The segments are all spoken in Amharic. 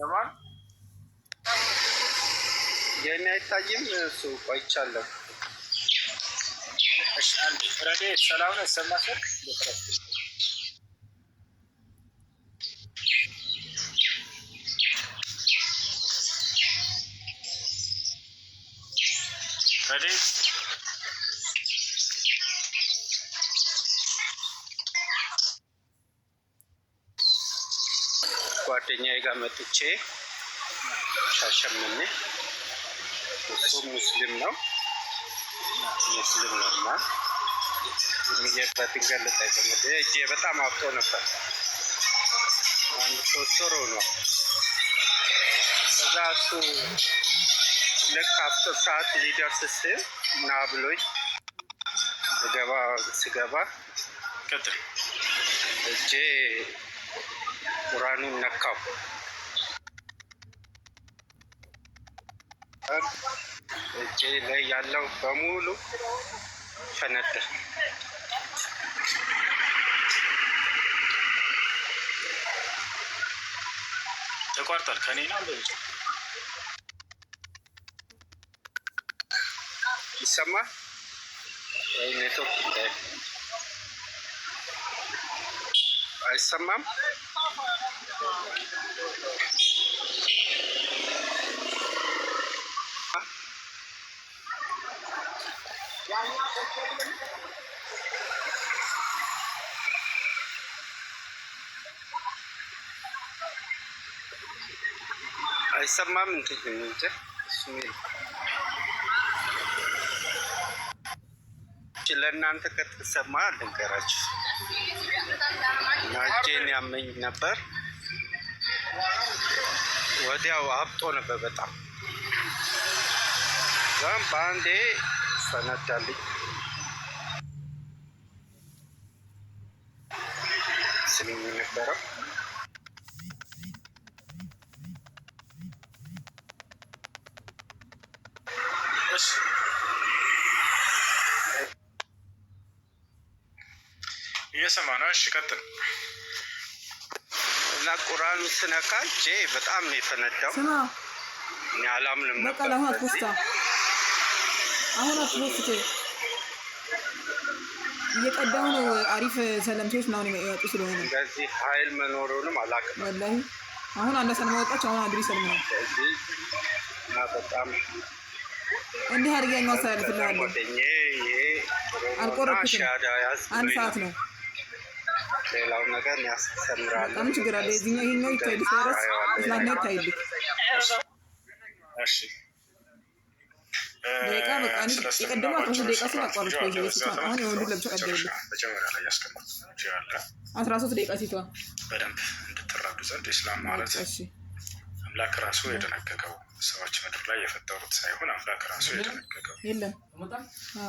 ለማን የኔ አይታይም። እሱ ቆይቻለሁ። ሰላም ነው። ጓደኛዬ ጋር መጥቼ ሻሸመኔ፣ እሱ ሙስሊም ነው ሙስሊም ነው እና የሚየበትን ገለጠ እጄ በጣም አብጦ ነበር። አንድ ሶስት ወር ነው። ከዛ እሱ ልክ አስር ሰዓት ሊደርስ ስል ና ብሎኝ ስገባ ስገባ እጄ ቁራኑን ነካው። እጄ ላይ ያለው በሙሉ ፈነደ። ተቋርጧል። ከኔ ነው ይሰማል። ኔትወርክ አይሰማም። አይሰማም እንትን እንጂ እሱ ለእናንተ ቀጥ ልንገራችሁ ናጄን ያመኝ ነበር። ወዲያው አብጦ ነበር በጣም ዛም በአንዴ ፈነዳልኝ። ስሚኝ ነበረው እየሰማ ነው። እሺ ቀጥል። እና ቁርአን ስነካ እጄ በጣም ነው የፈነዳው። እኔ አላምንም ነበር። አሁን አትቦስቴ እየቀዳሁ ነው። አሪፍ ሰለምቴዎች ምናምን የሚወጡ ስለሆነ በዚህ ኃይል መኖሩንም አላውቅም ወላሂ። አሁን አንድ ሰልማ ወጣች። አሁን አድሪ ሰልማ እና በጣም እንዲህ አድርገኛው አስተላልፍልሃለሁ። አልቆረኩትም። አንድ ሰዓት ነው ሌላው ነገር ያስተምራል። በጣም ችግር አለ። የዚህኛው ይሄኛው ይታይል ሲያረስ ላና ይታይል ደቂቃ በቃ የቀደሙ አስራ ደቂቃ ሲል አቋረጥ አሁን የወንዱ ለብቻ ቀደብልህ አስራ ሶስት ደቂቃ ሲቷ በደንብ እንድትረዱ ዘንድ ኢስላም ማለት አምላክ ራሱ የደነገገው ሰዎች ምድር ላይ የፈጠሩት ሳይሆን አምላክ ራሱ የደነገገው የለም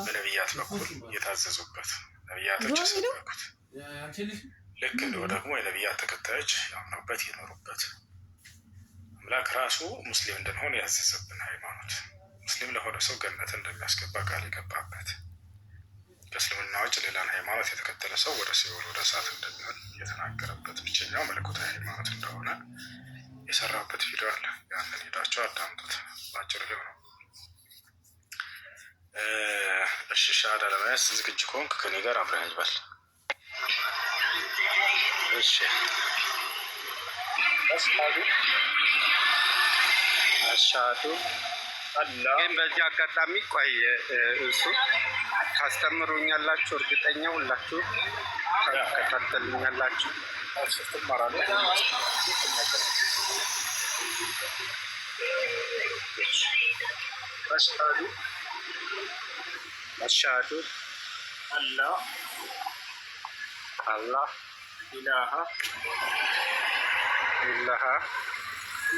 በነቢያት በኩል የታዘዙበት ነቢያቶች የሰበኩት ልክ እንደው ደግሞ የነቢያት ተከታዮች ያምኑበት የኖሩበት አምላክ ራሱ ሙስሊም እንድንሆን ያዘዘብን ሃይማኖት ሙስሊም ለሆነ ሰው ገነት እንደሚያስገባ ቃል የገባበት ከእስልምና ውጭ ሌላን ሃይማኖት የተከተለ ሰው ወደ ሲኦል ወደ እሳት እንደሚሆን የተናገረበት ብቸኛው መለኮታዊ ሃይማኖት እንደሆነ የሰራበት ቪዲዮ አለ። ያንን ሄዳቸው አዳምጡት። ባጭሩ ይኸው ነው። እሺ ሻሃዳ ለመያዝ ዝግጁ ከሆንክ ከኔ ጋር አብረን ይበል አሻዱ ግን በዚህ አጋጣሚ ቆይ እሱ ታስተምሩኛላችሁ፣ እርግጠኛ ሁላችሁ ታከታተሉኛላችሁ። አሽሃዱ አሽሃዱ አላህ አላህ إله إله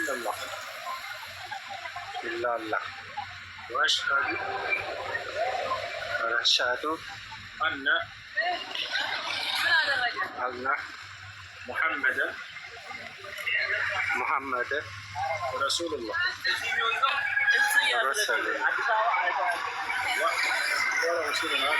إلا الله إلا الله وأشهد وأشهد أن أن محمدا محمدا رسول الله رسول الله ورسول الله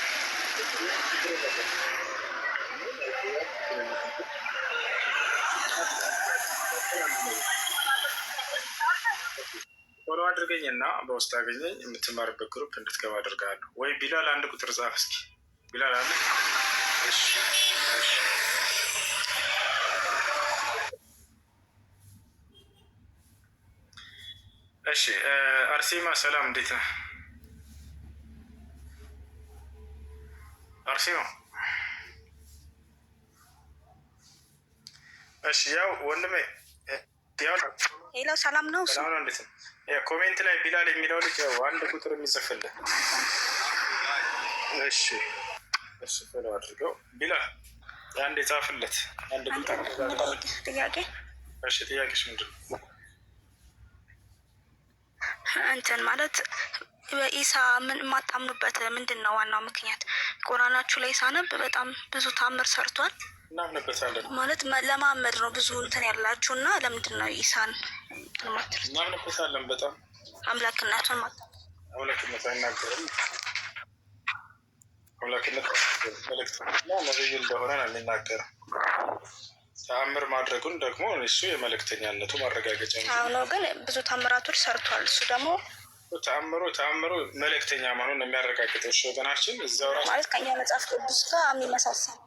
ፎሎ አድርገኝ እና በውስጥ አገኘኝ የምትማርበት ግሩፕ እንድትገባ አድርጋለሁ። ወይ ቢላል አንድ ቁጥር ጻፍ እስኪ ቢላል አለ እሺ አርሴማ ሰላም፣ እንዴት ነህ? አርሲማ እሺ፣ ያው ወንድሜ ሌላው ሰላም ነው። ሰላም ነው። ኮሜንት ላይ ቢላል የሚለው ልጅ ያው አንድ ቁጥር የሚጽፍልህ እሺ፣ እሺ ሎ አድርገው ቢላል አንድ የጻፍለት አንድ ጥያቄ። እሺ፣ ጥያቄሽ ምንድን ነው? እንትን ማለት በኢሳ ምን የማታምኑበት ምንድን ነው? ዋናው ምክንያት ቁራናችሁ ላይ ሳነብ በጣም ብዙ ታምር ሰርቷል ማለት ለማመድ ነው። ብዙ እንትን ያላችሁ እና ለምንድን ነው ኢሳን እናምንበታለን? በጣም አምላክነቱን አምላክነት አይናገርም። አምላክነት መልእክተኛ ነብይ እንደሆነ ነው የሚናገር። ተአምር ማድረጉን ደግሞ እሱ የመልእክተኛነቱ ማረጋገጫ ነው። ግን ብዙ ታምራቶች ሰርቷል እሱ ደግሞ ተአምሮ ተአምሮ መልእክተኛ መሆኑን የሚያረጋግጠው ወገናችን እዛው ራሱ ማለት ከኛ መጽሐፍ ቅዱስ ጋር የሚመሳሰል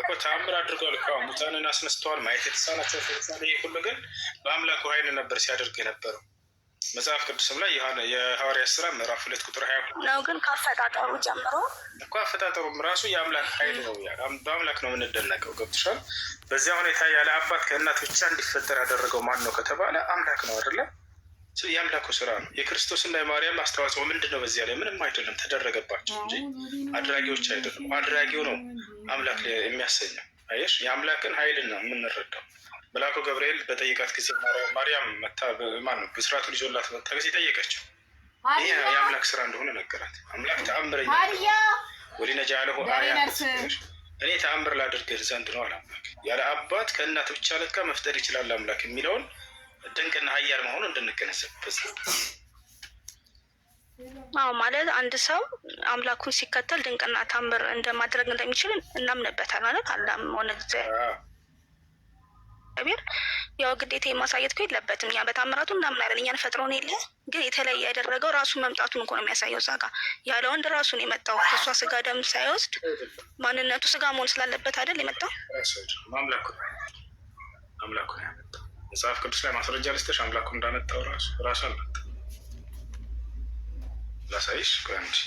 እኮ ተአምር አድርጓል እኮ ሙታንን አስነስተዋል። ማየት የተሳናቸው ፈጻሚ ሁሉ ግን በአምላኩ ኃይል ነበር ሲያደርግ የነበረው። መጽሐፍ ቅዱስም ላይ የሐዋርያ ስራ ምዕራፍ ሁለት ቁጥር ሀያ ነው። ግን ከአፈጣጠሩ ጀምሮ እኮ አፈጣጠሩም ራሱ የአምላክ ኃይል ነው። በአምላክ ነው የምንደነቀው። ገብቶሻል? በዚያ ሁኔታ ያለ አባት ከእናት ብቻ እንዲፈጠር ያደረገው ማን ነው ከተባለ አምላክ ነው አይደለም? የአምላኩ ስራ ነው። የክርስቶስና የማርያም አስተዋጽኦ ምንድን ነው? በዚያ ላይ ምንም አይደለም፣ ተደረገባቸው እንጂ አድራጊዎች አይደለም። አድራጊው ነው አምላክ የሚያሰኘው። አየሽ፣ የአምላክን ኃይልን ነው የምንረዳው። መልአኩ ገብርኤል በጠይቃት ጊዜ ማርያም መታ ነው ብስራቱ ይዞላት መታ ጊዜ ጠየቀችው። ይህ የአምላክ ስራ እንደሆነ ነገራት። አምላክ ተአምረኛ ወዲ ወሊነጃለሁ አያት እኔ ተአምር ላድርግህ ዘንድ ነው አላምላክ ያለ አባት ከእናት ብቻ ለካ መፍጠር ይችላል አምላክ የሚለውን ድንቅና ሀያል መሆኑ እንድንገነዘብበት አዎ ማለት አንድ ሰው አምላኩን ሲከተል ድንቅና ታምር እንደማድረግ እንደሚችል እናምንበታል። ማለት አላም ሆነ እግዚአብሔር ያው ግዴታ የማሳየት እኮ የለበትም። እኛ በታምራቱ እናምናለን። እኛን ፈጥሮን የለ ግን የተለየ ያደረገው ራሱን መምጣቱን እንኳ ነው የሚያሳየው። እዛ ጋ ያለ ወንድ ራሱን የመጣው ከእሷ ስጋ ደም ሳይወስድ ማንነቱ ስጋ መሆን ስላለበት አይደል የመጣው አምላኩ አምላኩ ያመጣው መጽሐፍ ቅዱስ ላይ ማስረጃ ልስተሽ አምላኩ እንዳመጣው ራሱ ራሱ አልመጣ ላሳይሽ አንቺ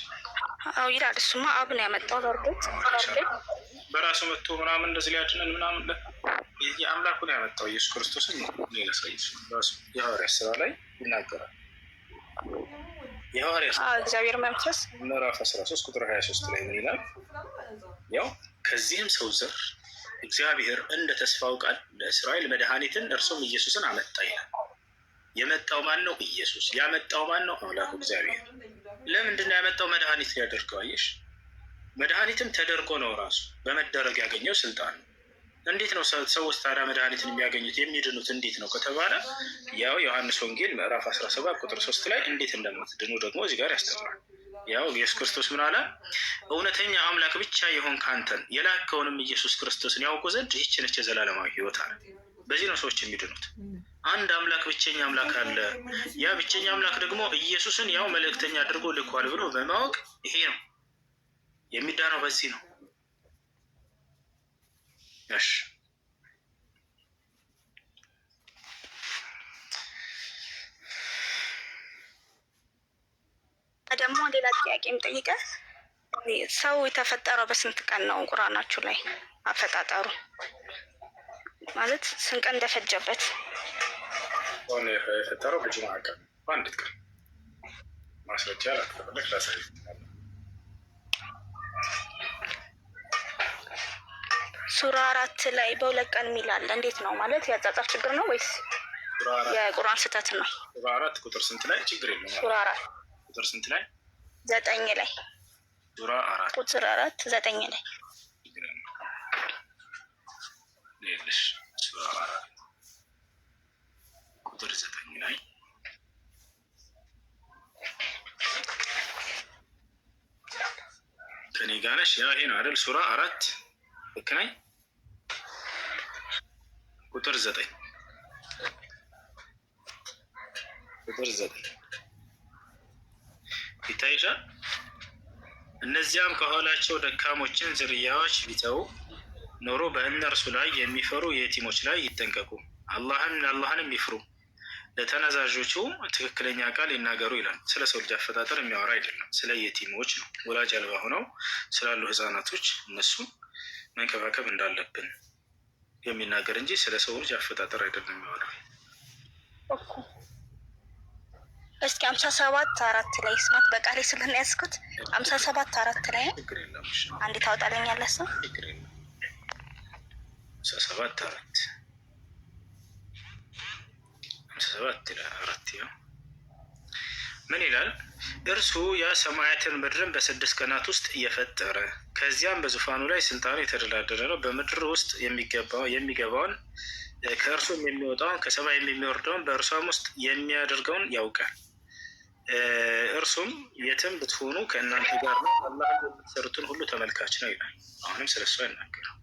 አዎ ይላል እሱማ አብ ነው ያመጣው በርግጥ በራሱ መጥቶ ምናምን እንደዚህ ሊያድነን ምናምን ለ የአምላኩ ነው ያመጣው ኢየሱስ ክርስቶስን ነው ላሳይሽ ራሱ የሐዋርያ ስራ ላይ ይናገራል የሐዋርያት እግዚአብሔር መምሰስ ምዕራፍ አስራ ሶስት ቁጥር ሀያ ሶስት ላይ ምን ይላል ያው ከዚህም ሰው ዘር እግዚአብሔር እንደ ተስፋው ቃል ለእስራኤል መድኃኒትን እርሱም ኢየሱስን አመጣ ይላል። የመጣው ማን ነው? ኢየሱስ። ያመጣው ማን ነው? አምላኩ እግዚአብሔር። ለምንድን ነው ያመጣው? መድኃኒት ሊያደርገው። አየሽ፣ መድኃኒትም ተደርጎ ነው ራሱ በመደረግ ያገኘው ስልጣን ነው። እንዴት ነው ሰዎች ታዲያ መድኃኒትን የሚያገኙት የሚድኑት እንዴት ነው ከተባለ ያው ዮሐንስ ወንጌል ምዕራፍ 17 ቁጥር 3 ላይ እንዴት እንደምትድኑ ደግሞ እዚህ ጋር ያስተምራል። ያው ኢየሱስ ክርስቶስ ምን አለ? እውነተኛ አምላክ ብቻ የሆን ካንተን የላከውንም ኢየሱስ ክርስቶስን ያውቁ ዘንድ ይህች ነች የዘላለማዊ ህይወት አለ። በዚህ ነው ሰዎች የሚድኑት። አንድ አምላክ ብቸኛ አምላክ አለ። ያ ብቸኛ አምላክ ደግሞ ኢየሱስን ያው መልእክተኛ አድርጎ ልኳል ብሎ በማወቅ ይሄ ነው የሚዳነው። በዚህ ነው እሺ ደግሞ ሌላ ጥያቄም ጠይቀ ሰው የተፈጠረው በስንት ቀን ነው? ቁርአናችሁ ላይ አፈጣጠሩ ማለት ስንት ቀን እንደፈጀበት የፈጠረው በጅማ ቀን በአንድ ቀን ማስረጃ ላከፈለክ ላሳይ። ሱራ አራት ላይ በሁለት ቀን የሚላለ እንዴት ነው ማለት የአጻጻፍ ችግር ነው ወይስ የቁርአን ስህተት ነው? ሱራ አራት ቁጥር ስንት ላይ ችግር የለም ሱራ አራት ቁጥር ስንት ላይ? ዘጠኝ ላይ ሱራ አራት ቁጥር አራት ዘጠኝ ላይ ሌልሽ ሱራ አራት ቁጥር ዘጠኝ ላይ ከኔ ጋር ነሽ። ያ ይሄ ነው አይደል? ሱራ አራት ልክ ነኝ? ቁጥር ዘጠኝ ቁጥር ዘጠኝ ይታይሻል። እነዚያም ከኋላቸው ደካሞችን ዝርያዎች ቢተው ኖሮ በእነርሱ ላይ የሚፈሩ የቲሞች ላይ ይጠንቀቁ፣ አላህን አላህንም ይፍሩ፣ ለተነዛዦቹ ትክክለኛ ቃል ይናገሩ ይላል። ስለ ሰው ልጅ አፈጣጠር የሚያወራ አይደለም፣ ስለ የቲሞች ነው። ወላጅ አልባ ሆነው ስላሉ ህጻናቶች እነሱ መንከባከብ እንዳለብን የሚናገር እንጂ ስለ ሰው ልጅ አፈጣጠር አይደለም የሚያወራ። እስኪ ሀምሳ ሰባት አራት ላይ ስማት በቃሌ ስለሆነ ያዝኩት ሀምሳ ሰባት አራት ላይ አንድ ታወጣለኛለህ ሰው ሀምሳ ሰባት አራት ሀምሳ ሰባት አራት ያው ምን ይላል? እርሱ ያ ሰማያትን ምድርን በስድስት ቀናት ውስጥ እየፈጠረ ከዚያም በዙፋኑ ላይ ስልጣኑ የተደላደረ ነው። በምድር ውስጥ የሚገባውን ከእርሱም የሚወጣውን ከሰማይ የሚወርደውን በእርሷም ውስጥ የሚያደርገውን ያውቃል። እርሱም የትም ብትሆኑ ከእናንተ ጋር ነው፣ አላህ የምትሰሩትን ሁሉ ተመልካች ነው ይላል። አሁንም ስለ እሱ አይናገርም።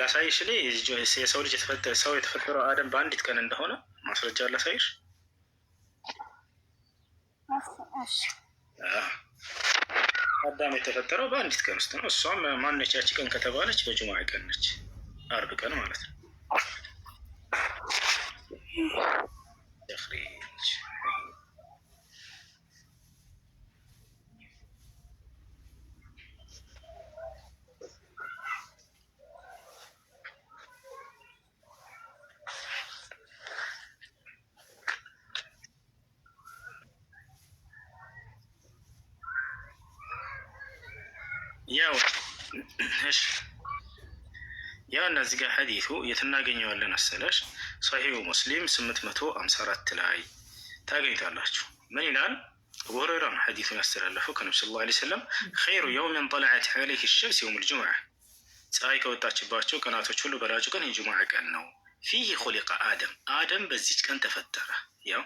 ላሳይሽ እኔ የሰው ልጅ ሰው የተፈጠረው አደም በአንዲት ቀን እንደሆነ ማስረጃ ላሳይሽ። አዳም የተፈጠረው በአንዲት ቀን ውስጥ ነው። እሷም ማነቻች ቀን ከተባለች በጅማ ቀን ነች፣ አርብ ቀን ማለት ነው። እዚህ ጋር ሐዲሱ የት እናገኘዋለን መሰለሽ? ሰሒሁ ሙስሊም 854 ላይ ታገኝታላችሁ። ምን ይላል? አቡ ሁረይራ ነው ሐዲሱን ያስተላለፈው ከነብዩ ሰለላሁ ዐለይሂ ወሰለም ኸይሩ የውሚን ጠለዐት ዐለይሂ ሸምስ የውም ልጅሙዓ፣ ፀሐይ ከወጣችባቸው ቀናቶች ሁሉ በላጩ ቀን የጅሙዓ ቀን ነው። ፊህ ኹሊቀ አደም፣ አደም በዚች ቀን ተፈጠረ። ያው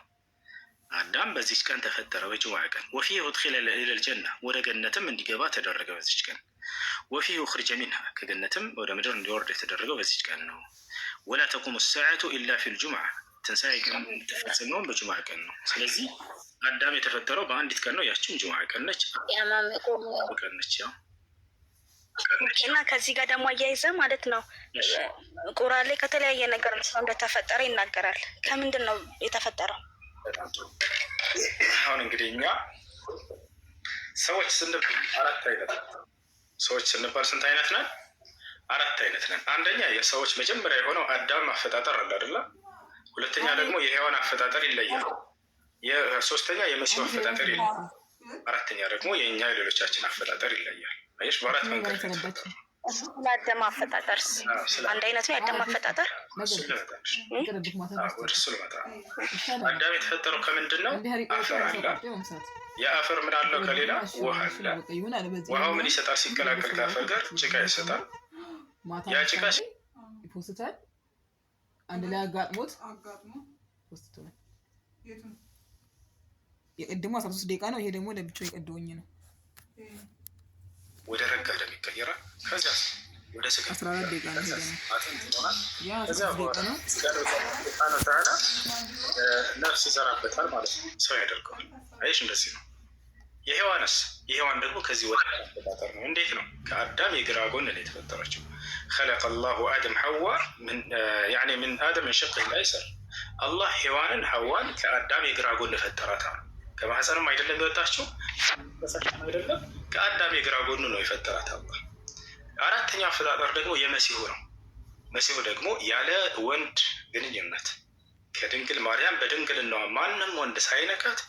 አዳም በዚች ቀን ተፈጠረ፣ በጅሙዓ ቀን ወፊ ውድኪለ ኢለል ወደ ገነትም እንዲገባ ተደረገ በዚች ቀን። ወፊ ኡኽሪጀ ሚንሃ ከገነትም ወደ ምድር እንዲወርድ የተደረገው በዚች ቀን ነው። ወላ ተቁሙ ሰዓቱ ኢላ ፊል ጁምዓ ትንሣኤ ቀን ተፈጽመውን በጁምዓ ቀን ነው። ስለዚህ አዳም የተፈጠረው በአንዲት ቀን ነው። ያችን ጁምዓ ቀን ነች ቀን ነች። ያው እና ከዚህ ጋር ደግሞ አያይዘ ማለት ነው ቁርአን ላይ ከተለያየ ነገር እንደተፈጠረ ይናገራል። ከምንድን ነው የተፈጠረው? በጣም ጥሩ። አሁን እንግዲህ እኛ ሰዎች ስንባል አራት አይነት ሰዎች ስንባል ስንት አይነት ነን? አራት አይነት ነን። አንደኛ የሰዎች መጀመሪያ የሆነው አዳም አፈጣጠር አለ አይደለ? ሁለተኛ ደግሞ የሔዋን አፈጣጠር ይለያል። ሶስተኛ የመሲሁ አፈጣጠር ይለያል። አራተኛ ደግሞ የእኛ የሌሎቻችን አፈጣጠር ይለያል። አየሽ፣ በአራት መንገድ ከተፈጠሩ ስለ አደም አፈጣጠርስ አንድ አይነት ነው? የአደም አፈጣጠር እሱ ልመጣ። አዳም የተፈጠረው ከምንድን ነው? አፈር አለ። የአፈር ምን አለው? ከሌላ ውሃ አለ። ውሃው ምን ይሰጣል? ሲቀላቀል ከአፈር ጋር ጭቃ ይሰጣል። ያ ጭቃ ይፖስታል። አንድ ላይ አጋጥሞት የቅድሞ አስራ ሶስት ደቂቃ ነው። ይሄ ደግሞ ለብቻው የቀድሞኝ ነው። ወደ ረጋ ደም ይቀየራል። ከዚያ ወደ ስጋ ነፍስ ይዘራበታል ማለት ነው። ሰው ያደርገዋል። አይሽ እንደዚህ ነው። የሔዋንስ የሔዋን ደግሞ ከዚህ ወደ መቆጣጠር ነው። እንዴት ነው? ከአዳም የግራ ጎን ነው የተፈጠረችው። ከለቀ ላሁ አደም ሐዋ ምን አደም እንሸቅ ላይሰር አላህ ሔዋንን ሐዋን ከአዳም የግራ ጎን ፈጠራታል። ከማህፀንም አይደለም የወጣችው አይደለም ከአዳም የግራ ጎኑ ነው የፈጠራት አላህ። አራተኛ አፈጣጠር ደግሞ የመሲሁ ነው። መሲሁ ደግሞ ያለ ወንድ ግንኙነት ከድንግል ማርያም በድንግልናዋ ማንም ወንድ ሳይነካት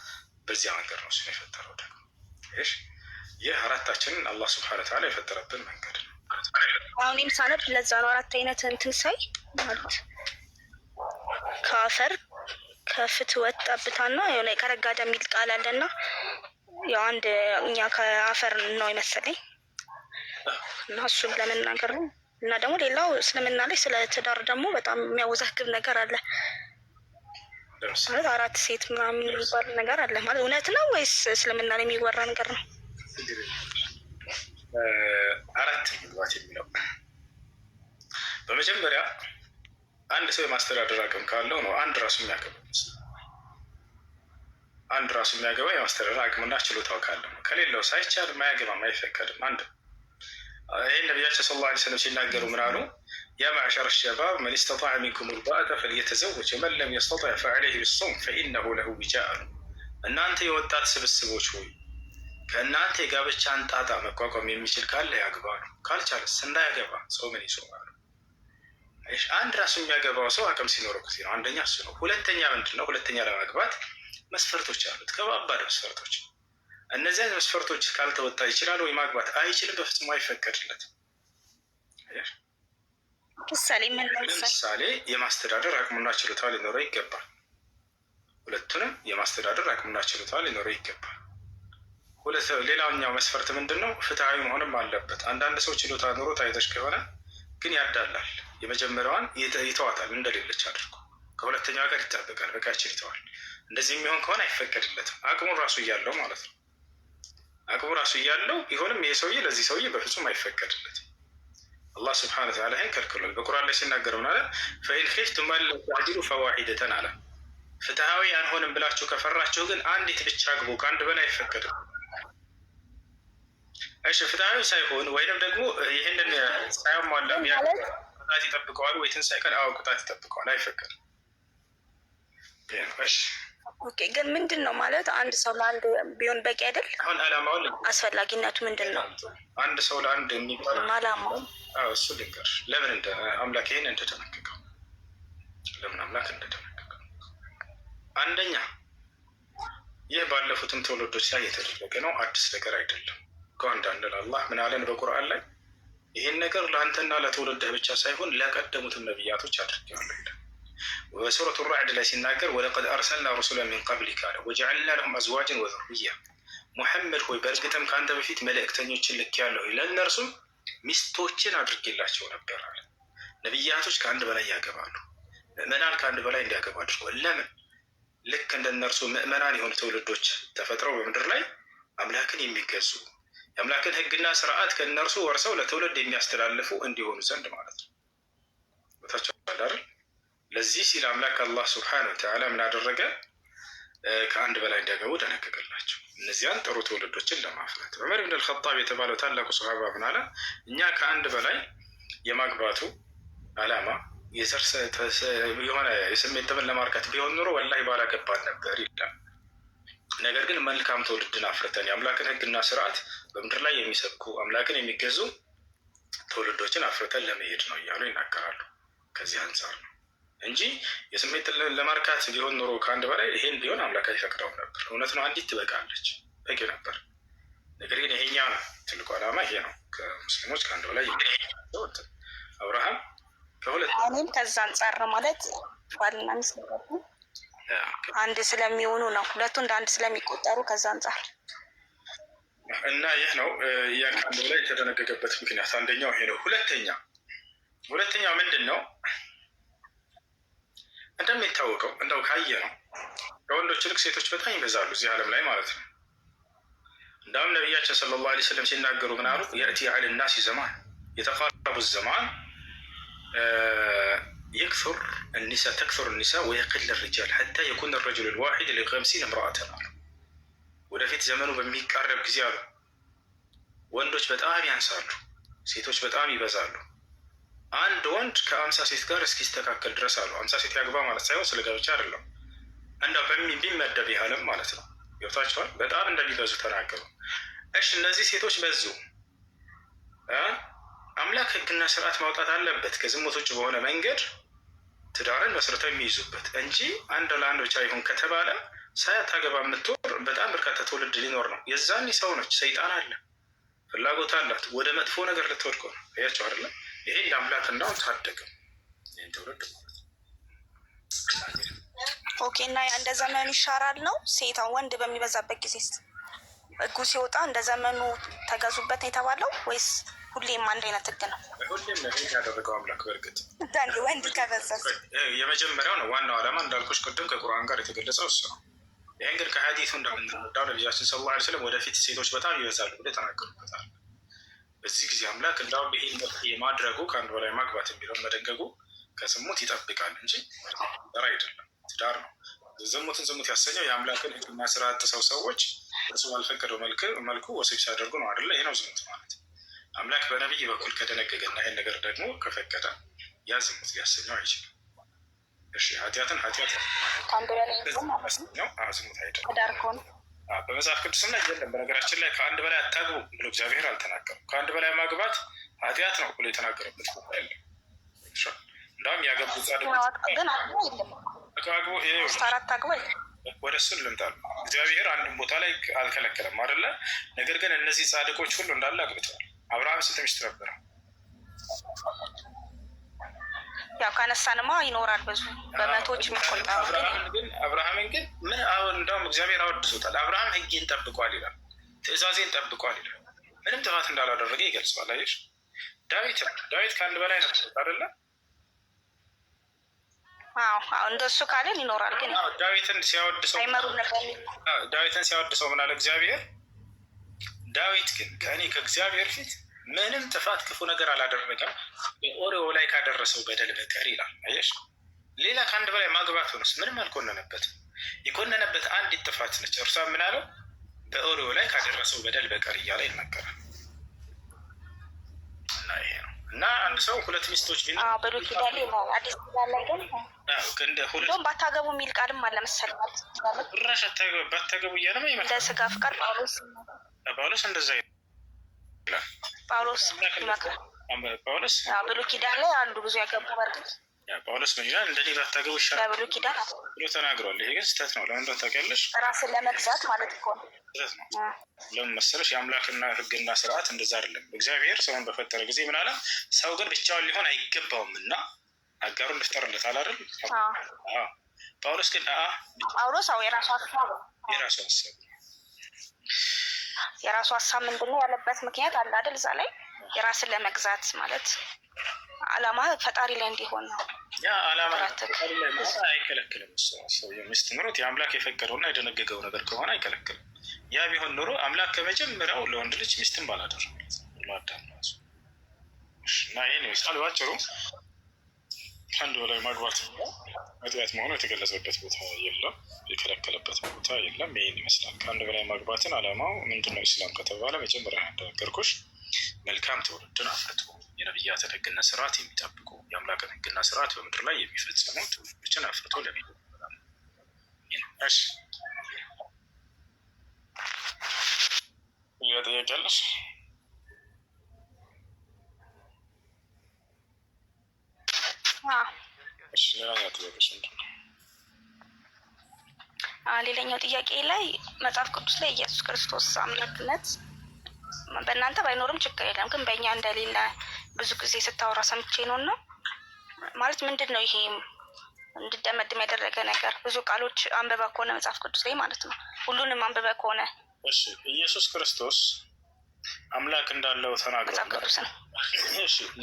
በዚያ መንገድ ነው እሱን የፈጠረው። ደግሞ ይህ አራታችንን አላህ ስብሐነ ተዓላ የፈጠረብን መንገድ ነው። አሁንም ሳነብ ለዛ ነው አራት አይነት እንትን ሳይ ማለት ከአፈር ከፍት ወጣ የሆነ የሚል ቃል አለና ያው አንድ እኛ ከአፈር ነው የመሰለኝ እና እሱን ለመናገር ነው። እና ደግሞ ሌላው እስልምና ላይ ስለ ትዳር ደግሞ በጣም የሚያወዛግብ ነገር አለ። ማለት አራት ሴት ምናምን የሚባል ነገር አለ። ማለት እውነት ነው ወይስ እስልምና ላይ የሚወራ ነገር ነው? አራት ምግባት የሚለው በመጀመሪያ አንድ ሰው የማስተዳደር አቅም ካለው ነው አንድ ራሱ የሚያቅም አንድ ራሱ የሚያገባ የማስተዳደር አቅምና ችሎታው ካለ ነው። ከሌለው ሳይቻል አያገባም፣ አይፈቀድም። አንድ ይህን ነቢያቸው ሰለላሁ ዐለይሂ ወሰለም ሲናገሩ ምን አሉ? ያ መዕሸረ ሸባብ መን ስተጣዕ ሚንኩም ልባአተ ፈልየተዘወጅ መን ለም የስተጣዕ ፈዐለይህ ብሶም ፈኢነሁ ለሁ ዊጃ አሉ። እናንተ የወጣት ስብስቦች ሆይ ከእናንተ የጋብቻን ጣጣ መቋቋም የሚችል ካለ ያግባ ነው። ካልቻለስ እንዳያገባ ጾምን ይጾማሉ። አንድ ራሱ የሚያገባው ሰው አቅም ሲኖረው ነው። አንደኛ እሱ ነው። ሁለተኛ ምንድን ነው? ሁለተኛ ለማግባት መስፈርቶች አሉት፣ ከባባድ መስፈርቶች። እነዚያን መስፈርቶች ካልተወጣ ይችላል ወይ ማግባት? አይችልም፣ በፍጹም አይፈቀድለትም። ለምሳሌ የማስተዳደር አቅሙና ችሎታ ሊኖረው ይገባል። ሁለቱንም የማስተዳደር አቅሙና ችሎታ ሊኖረው ይገባል። ሌላኛው መስፈርት ምንድን ነው? ፍትሐዊ መሆንም አለበት። አንዳንድ ሰው ችሎታ ኑሮ ታይተች ከሆነ ግን ያዳላል። የመጀመሪያዋን ይተዋታል እንደሌለች አድርጎ ከሁለተኛው ጋር ይጠበቃል። በቃችን ይተዋል። እንደዚህ የሚሆን ከሆነ አይፈቀድለትም። አቅሙን ራሱ እያለው ማለት ነው። አቅሙ ራሱ እያለው ቢሆንም ይሄ ሰውዬ ለዚህ ሰውዬ በፍጹም አይፈቀድለትም። አላህ ስብሐነ ወተዓላ ይህን ከልክሏል። በቁርአን ላይ ሲናገር ምን አለ? ፈኢን ኺፍቱም አላ ተዕዲሉ ፈዋሒደተን አለ። ፍትሃዊ አንሆንም ብላችሁ ከፈራችሁ ግን አንዲት ብቻ ግቡ፣ ከአንድ በላይ አይፈቀድም። እሺ ፍትሃዊ ሳይሆን ወይንም ደግሞ ይህንን ሳያሟላም ያ ቅጣት ይጠብቀዋል ወይ ትንሣኤ ቀን? አዎ ቅጣት ይጠብቀዋል፣ አይፈቀድም። ኦኬ ግን ምንድን ነው ማለት አንድ ሰው ለአንድ ቢሆን በቂ አይደል? አሁን አላማውን አስፈላጊነቱ ምንድን ነው? አንድ ሰው ለአንድ የሚባለው አላማው እሱ ልንገርሽ፣ ለምን እንደ አምላክ ይሄን እንደተነቀቀው ለምን አምላክ እንደተነቀቀው፣ አንደኛ ይህ ባለፉትም ትውልዶች ላይ የተደረገ ነው፣ አዲስ ነገር አይደለም። ከአንድ አንድ አላህ ምን አለን በቁርአን ላይ ይህን ነገር ለአንተና ለትውልድህ ብቻ ሳይሆን ለቀደሙትም ነቢያቶች አድርጌዋለሁ። በሱረቱ ራዕድ ላይ ሲናገር ወለቀድ አርሰልና ሩሱላ ሚን ቀብሊክ አለ ወጀዐልና ለሁም አዝዋጅን ወዘርያ ሙሐመድ ሆይ በእርግጥም ከአንተ በፊት መልእክተኞችን ልኬያለሁ ለእነርሱም ሚስቶችን አድርጌላቸው ነበር አለ። ነቢያቶች ከአንድ በላይ ያገባሉ። ምዕመናን ከአንድ በላይ እንዲያገቡ አድርጓል። ለምን? ልክ እንደነርሱ ምዕመናን የሆኑ ትውልዶች ተፈጥረው በምድር ላይ አምላክን የሚገዙ የአምላክን ሕግና ስርዓት ከእነርሱ ወርሰው ለትውልድ የሚያስተላልፉ እንዲሆኑ ዘንድ ማለት ነው። ለዚህ ሲል አምላክ አላህ ስብሐነ ወተዓላ ምን አደረገ? ከአንድ በላይ እንዲያገቡ ደነገገላቸው። እነዚያን ጥሩ ትውልዶችን ለማፍራት ዑመር ብን አልኸጣብ የተባለው ታላቁ ሰሃባ ምን አለ? እኛ ከአንድ በላይ የማግባቱ አላማ የሆነ የስሜት ጥምን ለማርካት ቢሆን ኑሮ ወላሂ ባላገባን ነበር ይላል። ነገር ግን መልካም ትውልድን አፍርተን የአምላክን ሕግና ስርዓት በምድር ላይ የሚሰብኩ አምላክን የሚገዙ ትውልዶችን አፍርተን ለመሄድ ነው እያሉ ይናገራሉ። ከዚህ አንጻር ነው እንጂ የስሜት ለማርካት ቢሆን ኖሮ ከአንድ በላይ ይሄን ቢሆን አምላካት ይፈቅደውም ነበር። እውነት ነው፣ አንዲት ትበቃለች፣ በቂ ነበር። ነገር ግን ይሄኛ ነው ትልቁ ዓላማ ይሄ ነው። ከሙስሊሞች ከአንድ በላይ አብርሃም ከሁለት ከዛ አንጻር ማለት ባልና ሚስት አንድ ስለሚሆኑ ነው። ሁለቱ እንደ አንድ ስለሚቆጠሩ ከዛ አንጻር እና ይህ ነው ያ ከአንድ በላይ የተደነገገበት ምክንያት አንደኛው ይሄ ነው። ሁለተኛ ሁለተኛው ምንድን ነው? እንደሚታወቀው እንደው ካየ ነው ከወንዶች ይልቅ ሴቶች በጣም ይበዛሉ እዚህ ዓለም ላይ ማለት ነው። እንዳውም ነቢያችን ሰለላሁ ዐለይሂ ወሰለም ሲናገሩ ምን አሉ? የእቲ አለ ናሲ ዘማን የተቃረቡ ዘማን የክር እኒሳ ተክፍር እኒሳ ወየቅል ርጃል ሐታ የኩን ረጅሉ ልዋሒድ ሊከምሲን እምራአተን አሉ። ወደፊት ዘመኑ በሚቃረብ ጊዜ አሉ ወንዶች በጣም ያንሳሉ፣ ሴቶች በጣም ይበዛሉ። አንድ ወንድ ከአምሳ ሴት ጋር እስኪስተካከል ድረስ አሉ። አምሳ ሴት ያግባ ማለት ሳይሆን ስለ ጋብቻ አይደለም፣ እንደው በሚመደብ ያህልም ማለት ነው። ይወታቸዋል በጣም እንደሚበዙ ተናገሩ። እሺ እነዚህ ሴቶች በዙ። አምላክ ህግና ስርዓት ማውጣት አለበት ከዝሙት ውጭ በሆነ መንገድ ትዳርን መስርተው የሚይዙበት እንጂ አንድ ለአንድ ብቻ ይሁን ከተባለ ሳያታገባ የምትወር በጣም በርካታ ትውልድ ሊኖር ነው። የዛኔ ሰው ነች፣ ሰይጣን አለ፣ ፍላጎት አላት፣ ወደ መጥፎ ነገር ልትወድቀው ነው። አያቸው አይደለም ይሄ የአምላክ እንዳው እንዳሁን ይህን ትውልድ ማለት ነው። ኦኬ እና እንደ ዘመኑ ይሻራል ነው ሴታ ወንድ በሚበዛበት ጊዜ ህጉ ሲወጣ እንደ ዘመኑ ተገዙበት የተባለው ወይስ ሁሌም አንድ አይነት ህግ ነው? ሁሌም ይህን ያደረገው አምላክ በእርግጥ ዳን ወንድ ከበዛ የመጀመሪያው ነው ዋናው ዓላማ እንዳልኩሽ ቅድም ከቁርአን ጋር የተገለጸው እሱ ነው። ይህን ግን ከሀዲቱ እንደምንረዳው ነቢያችን ሰለላሁ ዓለይሂ ወሰለም ወደፊት ሴቶች በጣም ይበዛሉ ብሎ የተናገሩበታል። በዚህ ጊዜ አምላክ እንዳሁም ይሄን መፍትሄ ማድረጉ ከአንድ በላይ ማግባት የሚለውን መደንገጉ ከዝሙት ይጠብቃል እንጂ ር አይደለም። ትዳር ነው። ዝሙትን ዝሙት ያሰኘው የአምላክን ሕግና ስርዓት ጥሰው ሰዎች እሱ ባልፈቀደው መልኩ ወሲብ ሲያደርጉ ነው አደለ? ይሄ ነው ዝሙት ማለት። አምላክ በነቢይ በኩል ከደነገገና ይህን ነገር ደግሞ ከፈቀደ ያ ዝሙት ሊያሰኘው አይችልም። እሺ ኃጢአትን ኃጢአት ዝሙት አይደለም። በመጽሐፍ ቅዱስም ላይ የለም። በነገራችን ላይ ከአንድ በላይ አታግቡ ብሎ እግዚአብሔር አልተናገረም። ከአንድ በላይ ማግባት ኃጢአት ነው ብሎ የተናገረበት ቦታ የለም። እንዳውም ያገቡ ወደ እሱ ልምጣል። እግዚአብሔር አንድም ቦታ ላይ አልከለከለም አይደለ? ነገር ግን እነዚህ ጻድቆች ሁሉ እንዳለ አግብተዋል። አብርሃም ስንት ሚስት ነበረ? ያው ካነሳንማ ይኖራል ብዙ በመቶች የሚቆጠሩ ግን አብርሃምን ግን ምን አሁን እንደውም እግዚአብሔር አወድሶታል። አብርሃም ህጌን ጠብቋል ይላል፣ ትእዛዜን ጠብቋል ይላል። ምንም ጥፋት እንዳላደረገ ይገልጸዋል። አየሽ ዳዊት ዳዊት ከአንድ በላይ ነው አይደለ? እንደሱ ካለን ይኖራል። ግን ዳዊትን ሲያወድሰው ዳዊትን ሲያወድሰው ምናለ እግዚአብሔር ዳዊት ግን ከእኔ ከእግዚአብሔር ፊት ምንም ጥፋት ክፉ ነገር አላደረገም፣ በኦሪዮ ላይ ካደረሰው በደል በቀር ይላል። አየሽ፣ ሌላ ከአንድ በላይ ማግባት ሆነስ ምንም አልኮነነበትም። የኮነነበት አንዲት ጥፋት ነች። እርሷ ምናለው በኦሪዮ ላይ ካደረሰው በደል በቀር እያለ ይናገራል። እና ይሄ ነው እና አንድ ሰው ሁለት ሚስቶች ቢኖር ባታገቡ የሚል ቃልም አለ መሰለኝ። ራሽ ባታገቡ እያለ እንደ ስጋ ፍቃድ ጳውሎስ ጳውሎስ እንደዛ ጳውሎስ ይመክራል። ብሉይ ኪዳን ላይ አንዱ ብዙ ያገቡ በርግጥ ጳውሎስ ምን ይላል? እንደኔ ባታገቡ ይሻላል ብሉይ ኪዳን ብሎ ተናግሯል። ይሄ ግን ስህተት ነው። ለምን ታውቂያለሽ? ራስን ለመግዛት ማለት እኮ ነው። ስህተት ነው። ለምን መሰለሽ? የአምላክና ህግና ስርዓት እንደዛ አይደለም። እግዚአብሔር ሰውን በፈጠረ ጊዜ ምን አለ? ሰው ግን ብቻውን ሊሆን አይገባውም እና አጋሩን ልፍጠርለት አላደል። ጳውሎስ ግን ጳውሎስ የራሱ ሀሳብ የራሱ ሀሳብ የራሱ ሀሳብ ምንድነው ያለበት ምክንያት አለ አይደል? እዛ ላይ የራስን ለመግዛት ማለት አላማ ፈጣሪ ላይ እንዲሆን ነው። አይከለክልም። የሚስትምሩት የአምላክ የፈቀደውና የደነገገው ነገር ከሆነ አይከለክልም። ያ ቢሆን ኖሮ አምላክ ከመጀመሪያው ለወንድ ልጅ ሚስትን ባላደረገለት ለአዳም ራሱ እና ይህን ይመስላል ባጭሩ አንድ በላይ ማግባት ኃጢአት መሆኑ የተገለጸበት ቦታ የለም፣ የከለከለበት ቦታ የለም። ይህን ይመስላል። ከአንድ በላይ ማግባትን ዓላማው ምንድነው ኢስላም ከተባለ መጀመሪያ እንደነገርኩሽ መልካም ትውልድን አፍርቶ የነብያት ህግና ስርዓት የሚጠብቁ የአምላክን ህግና ስርዓት በምድር ላይ የሚፈጸሙ ትውልዶችን አፍርቶ ለሚ ጥያቄ አለሽ? አዎ እሺ ሌላኛው ሌላኛው ጥያቄ ላይ መጽሐፍ ቅዱስ ላይ ኢየሱስ ክርስቶስ አምላክነት በእናንተ ባይኖርም ችግር የለም ግን በእኛ እንደሌለ ብዙ ጊዜ ስታወራ ሰምቼ ነው እና ማለት ምንድን ነው ይሄ እንድደመድም ያደረገ ነገር? ብዙ ቃሎች አንብበ ከሆነ መጽሐፍ ቅዱስ ላይ ማለት ነው ሁሉንም አንብበ ከሆነ ኢየሱስ ክርስቶስ አምላክ እንዳለው ተናግሮ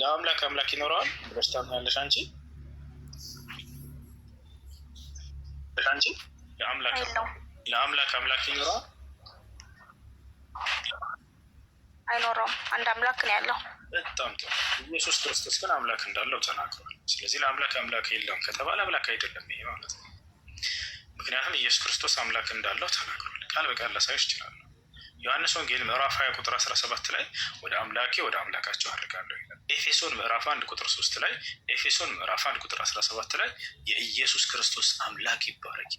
ለአምላክ አምላክ ይኖረዋል ብለሽ ታምኛለሽ አንቺ? አንቺ ለአምላክ አምላክ ይኖረዋል አይኖረውም? አንድ አምላክ ነው ያለው። በጣም ጥሩ። ኢየሱስ ክርስቶስ ግን አምላክ እንዳለው ተናግሯል። ስለዚህ ለአምላክ አምላክ የለውም ከተባለ አምላክ አይደለም ይሄ ማለት ነው። ምክንያቱም ኢየሱስ ክርስቶስ አምላክ እንዳለው ተናግሯል። ቃል በቃል ላሳይሽ ይችላል። ዮሐንስ ወንጌል ምዕራፍ 20 ቁጥር 17 ላይ ወደ አምላኬ ወደ አምላካቸው አድርጋለሁ ይላል። ኤፌሶን ምዕራፍ 1 ቁጥር 3 ላይ ኤፌሶን ምዕራፍ 1 ቁጥር 17 ላይ የኢየሱስ ክርስቶስ አምላክ ይባረክ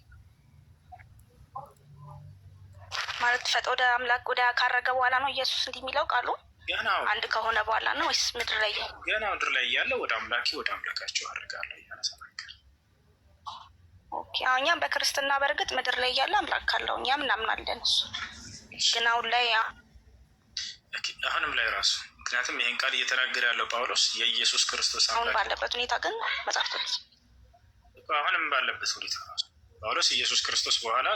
ማለት ፈጥ ወደ አምላክ ወደ ካረገ በኋላ ነው ኢየሱስ እንዲህ የሚለው ቃሉ ገና አንድ ከሆነ በኋላ ነው ወይስ ምድር ላይ ገና ምድር ላይ እያለ ወደ አምላኬ ወደ አምላካቸው አድርጋለሁ እያነሳ ኦኬ እኛም በክርስትና በእርግጥ ምድር ላይ እያለ አምላክ ካለው እኛም እናምናለን እሱ ግን አሁን ላይ አሁንም ላይ ራሱ ምክንያቱም ይህን ቃል እየተናገረ ያለው ጳውሎስ የኢየሱስ ክርስቶስ አሁን ባለበት ሁኔታ ግን መጽሐፍ ቅዱስ አሁንም ባለበት ሁኔታ ራሱ ጳውሎስ ኢየሱስ ክርስቶስ በኋላ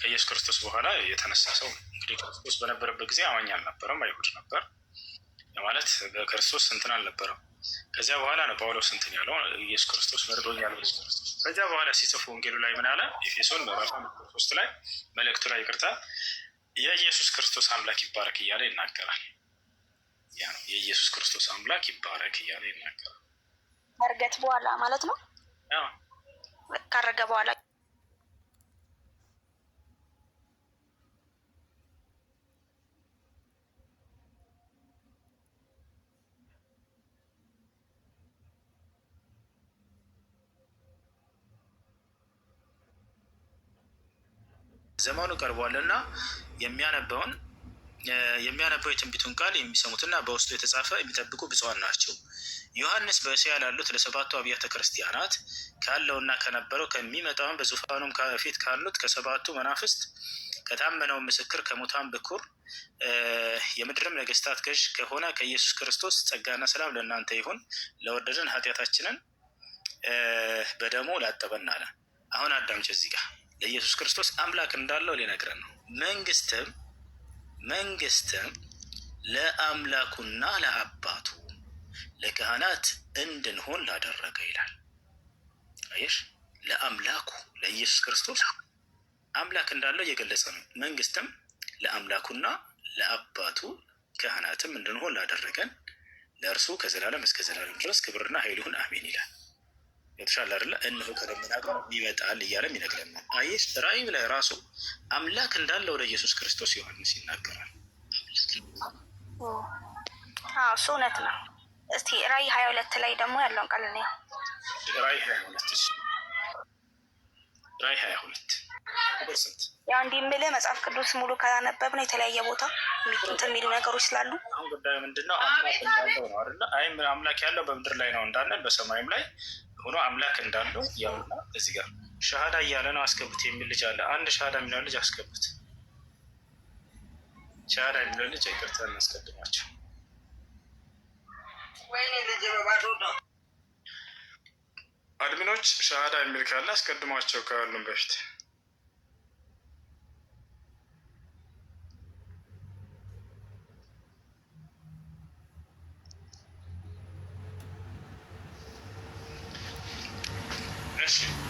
ከኢየሱስ ክርስቶስ በኋላ የተነሳ ሰው እንግዲህ ክርስቶስ በነበረበት ጊዜ አዋኝ አልነበረም፣ አይሁድ ነበር ማለት በክርስቶስ እንትን አልነበረም። ከዚያ በኋላ ነው ጳውሎስ እንትን ያለው ኢየሱስ ክርስቶስ መርዶኛል። ኢየሱስ ክርስቶስ ከዚያ በኋላ ሲጽፉ ወንጌሉ ላይ ምን አለ? ኤፌሶን ምዕራፍ ሶስት ላይ መልእክቱ ላይ ይቅርታ የኢየሱስ ክርስቶስ አምላክ ይባረክ እያለ ይናገራል። ያ ነው የኢየሱስ ክርስቶስ አምላክ ይባረክ እያለ ይናገራል። ከእርገት በኋላ ማለት ነው። ካረገ በኋላ ዘመኑ ቀርቧል እና የሚያነበውን የሚያነበው የትንቢቱን ቃል የሚሰሙትና በውስጡ የተጻፈ የሚጠብቁ ብፁዓን ናቸው። ዮሐንስ በእስያ ላሉት ለሰባቱ አብያተ ክርስቲያናት ካለውና ከነበረው ከሚመጣውን በዙፋኑም ፊት ካሉት ከሰባቱ መናፍስት ከታመነው ምስክር ከሙታን ብኩር የምድርም ነገስታት ገዥ ከሆነ ከኢየሱስ ክርስቶስ ጸጋና ሰላም ለእናንተ ይሁን። ለወደደን ኃጢአታችንን በደሙ አለ። አሁን አዳምጭ እዚህ ጋር የኢየሱስ ክርስቶስ አምላክ እንዳለው ሊነግረን ነው። መንግስትም መንግስትም ለአምላኩና ለአባቱ ለካህናት እንድንሆን ላደረገ ይላል። አየሽ፣ ለአምላኩ ለኢየሱስ ክርስቶስ አምላክ እንዳለው እየገለጸ ነው። መንግስትም ለአምላኩና ለአባቱ ካህናትም እንድንሆን ላደረገን ለእርሱ ከዘላለም እስከ ዘላለም ድረስ ክብርና ኃይል ይሁን አሜን ይላል። ገብተሻል አይደለ? እነሆ ከደመና ይመጣል እያለም ይነግረናል። አየሽ ራእይም ላይ ራሱ አምላክ እንዳለ ወደ ኢየሱስ ክርስቶስ ዮሐንስ ይናገራል። እሱ እውነት ነው። እስቲ ራእይ ሀያ ሁለት ላይ ደግሞ ያለውን ቃል ነው ራእይ ሀያ ሁለት ራእይ ሀያ ሁለት ያው እንዲህ የምልህ መጽሐፍ ቅዱስ ሙሉ ካላነበብ ነው የተለያየ ቦታ እንትን የሚሉ ነገሮች ስላሉ አሁን ጉዳዩ ምንድን ነው? አምላክ እንዳለው ነው አይደለ? አይ አምላክ ያለው በምድር ላይ ነው እንዳለን በሰማይም ላይ ሆኖ አምላክ እንዳለው ያውና እዚህ ጋር ሻሃዳ እያለ ነው አስገብት የሚል ልጅ አለ። አንድ ሻሃዳ የሚለው ልጅ አስገብት። ሻሃዳ የሚለው ልጅ ይቅርታ እናስቀድማቸው። አድሚኖች ሻሃዳ የሚል ካለ አስቀድሟቸው ካሉም በፊት question.